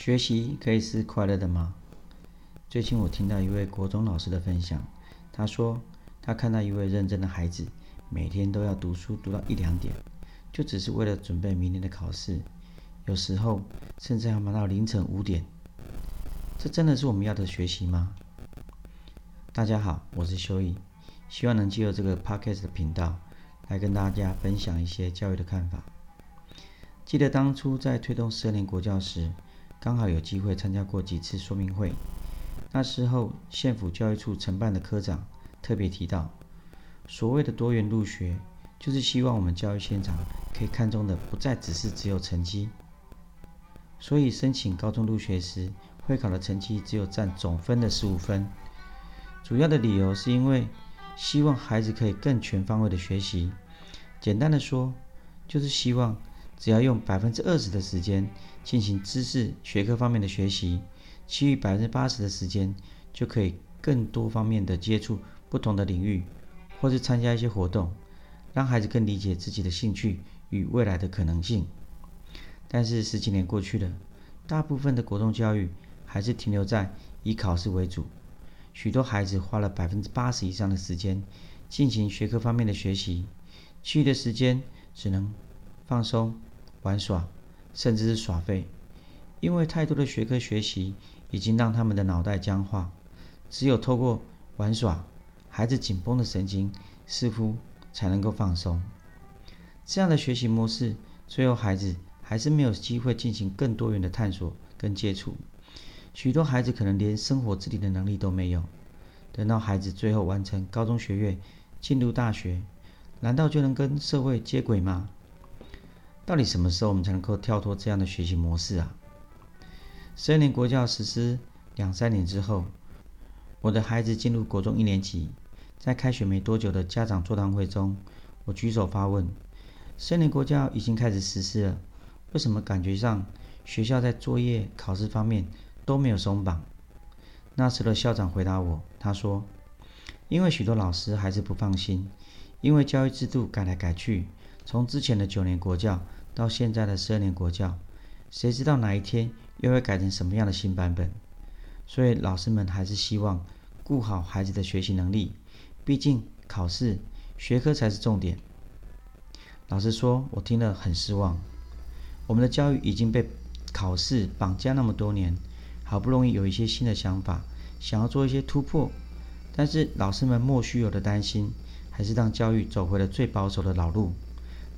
學習可以是快樂的嗎？最近我聽到一位國中老師的分享，他說他看到一位認真的孩子，每天都要讀書讀到一兩點，就只是為了準備明天的考試，有時候甚至要忙到凌晨五點。這真的是我們要的學習嗎？大家好，我是修毅，希望能借由這個 Podcast 的頻道來跟大家分享一些教育的看法。記得當初在推動十二年國教時，剛好有機會參加過幾次說明會，那時候縣府教育處承辦的科長特別提到，所謂的多元入學，就是希望我們教育現場可以看重的不再只是只有成績，所以申請高中入學時，會考的成績只有占總分的十五分，主要的理由是因為希望孩子可以更全方位的學習，簡單的說，就是希望。只要用百分之二十的時間進行知識學科方面的學習，其餘百分之八十的時間就可以更多方面的接觸不同的領域，或是參加一些活動，讓孩子更理解自己的興趣與未來的可能性。但是十幾年過去了，大部分的國中教育還是停留在以考試為主，許多孩子花了百分之八十以上的時間進行學科方面的學習，其餘的時間只能放鬆。玩耍，甚至是耍廢，因為太多的學科學習已經讓他們的腦袋僵化。只有透過玩耍，孩子緊繃的神經似乎才能夠放鬆。這樣的學習模式，最後孩子還是沒有機會進行更多元的探索跟接觸。許多孩子可能連生活自理的能力都沒有。等到孩子最後完成高中學業，進入大學，難道就能跟社會接軌嗎？到底什麼時候我們才能夠跳脫這樣的學習模式啊？十二年國教實施兩三年之後，我的孩子進入國中一年級，在開學沒多久的家長座談會中，我舉手發問：“十二年國教已經開始實施了，為什麼感覺上學校在作業、考試方面都沒有鬆綁？”那時的校長回答我：“他說，因為許多老師還是不放心，因為教育制度改來改去，從之前的九年國教。”到現在的十二年國教，誰知道哪一天又會改成什麼樣的新版本？所以老師們還是希望顧好孩子的學習能力，畢竟考試學科才是重點。老實說，我聽了很失望。我們的教育已經被考試綁架那麼多年，好不容易有一些新的想法，想要做一些突破，但是老師們莫須有的擔心，還是讓教育走回了最保守的老路。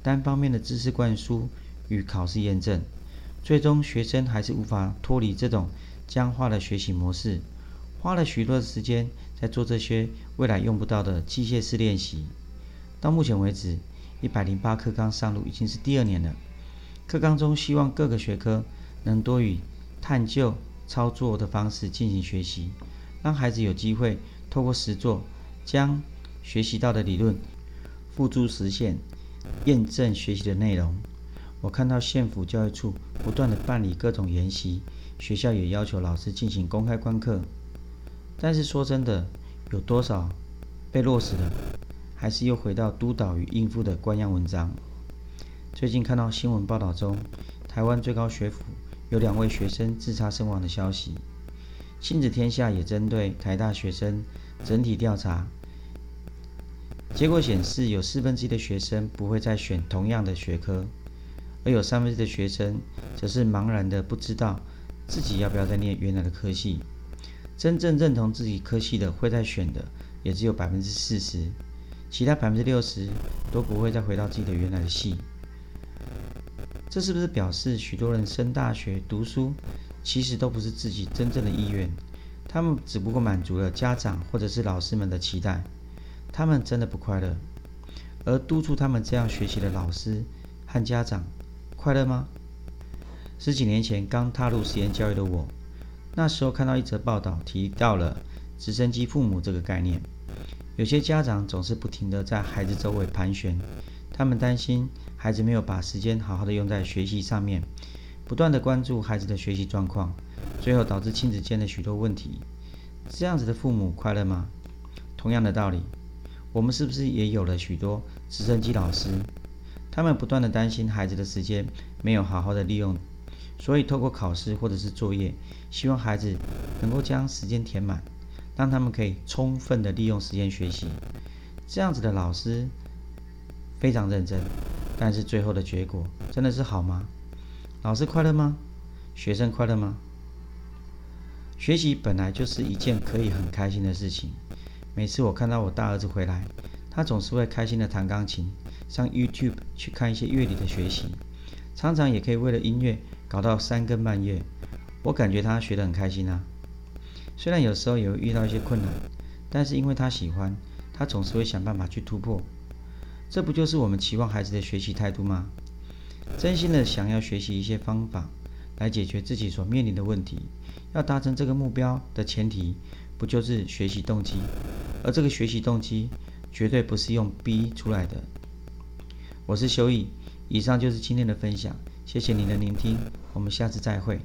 單方面的知識灌輸與考試驗證，最終學生還是無法脫離這種僵化的學習模式，花了許多的時間在做這些未來用不到的機械式練習。到目前為止，一百零八課綱上路已經是第二年了。課綱中希望各個學科能多以探究、操作的方式進行學習，讓孩子有機會透過實作將學習到的理論付諸實現，驗證學習的內容。我看到縣府教育處不斷地辦理各種研習，學校也要求老師進行公開觀課。但是說真的，有多少被落實了？還是又回到督導與應付的官樣文章。最近看到新聞報道中，台灣最高學府有兩位學生自殺身亡的消息。親子天下也針對台大學生整體調查。結果顯示，有四分之一的學生不會再選同樣的學科，而有三分之一的學生則是茫然的不知道自己要不要再念原來的科系。真正認同自己科系的會再選的也只有百分之四十，其他百分之六十都不會再回到自己的原來的系。這是不是表示許多人升大學讀書其實都不是自己真正的意願？他們只不過滿足了家長或者是老師們的期待？他們真的不快樂，而督促他們這樣學習的老師和家長快樂嗎？十幾年前剛踏入實驗教育的我，那時候看到一則報道，提到了“直升機父母”這個概念。有些家長總是不停地在孩子周圍盤旋，他們擔心孩子沒有把時間好好的用在學習上面，不斷地關注孩子的學習狀況，最後導致親子間的許多問題。這樣子的父母快樂嗎？同樣的道理。我們是不是也有了許多直升機老師？他們不斷的擔心孩子的時間沒有好好的利用，所以透過考試或者是作業，希望孩子能夠將時間填滿，讓他們可以充分的利用時間學習。這樣子的老師非常認真，但是最後的結果真的是好嗎？老師快樂嗎？學生快樂嗎？學習本來就是一件可以很開心的事情。每次我看到我大兒子回來，他總是會開心的彈鋼琴，上 YouTube 去看一些樂理的學習，常常也可以為了音樂搞到三更半夜。我感覺他學得很開心啊！雖然有時候也會遇到一些困難，但是因為他喜歡，他總是會想辦法去突破。這不就是我們期望孩子的學習態度嗎？真心的想要學習一些方法來解決自己所面臨的問題。要達成這個目標的前提，不就是學習動機？而這個學習動機絕對不是用逼出來的。我是修義，以上就是今天的分享，謝謝你的聆聽，我們下次再會。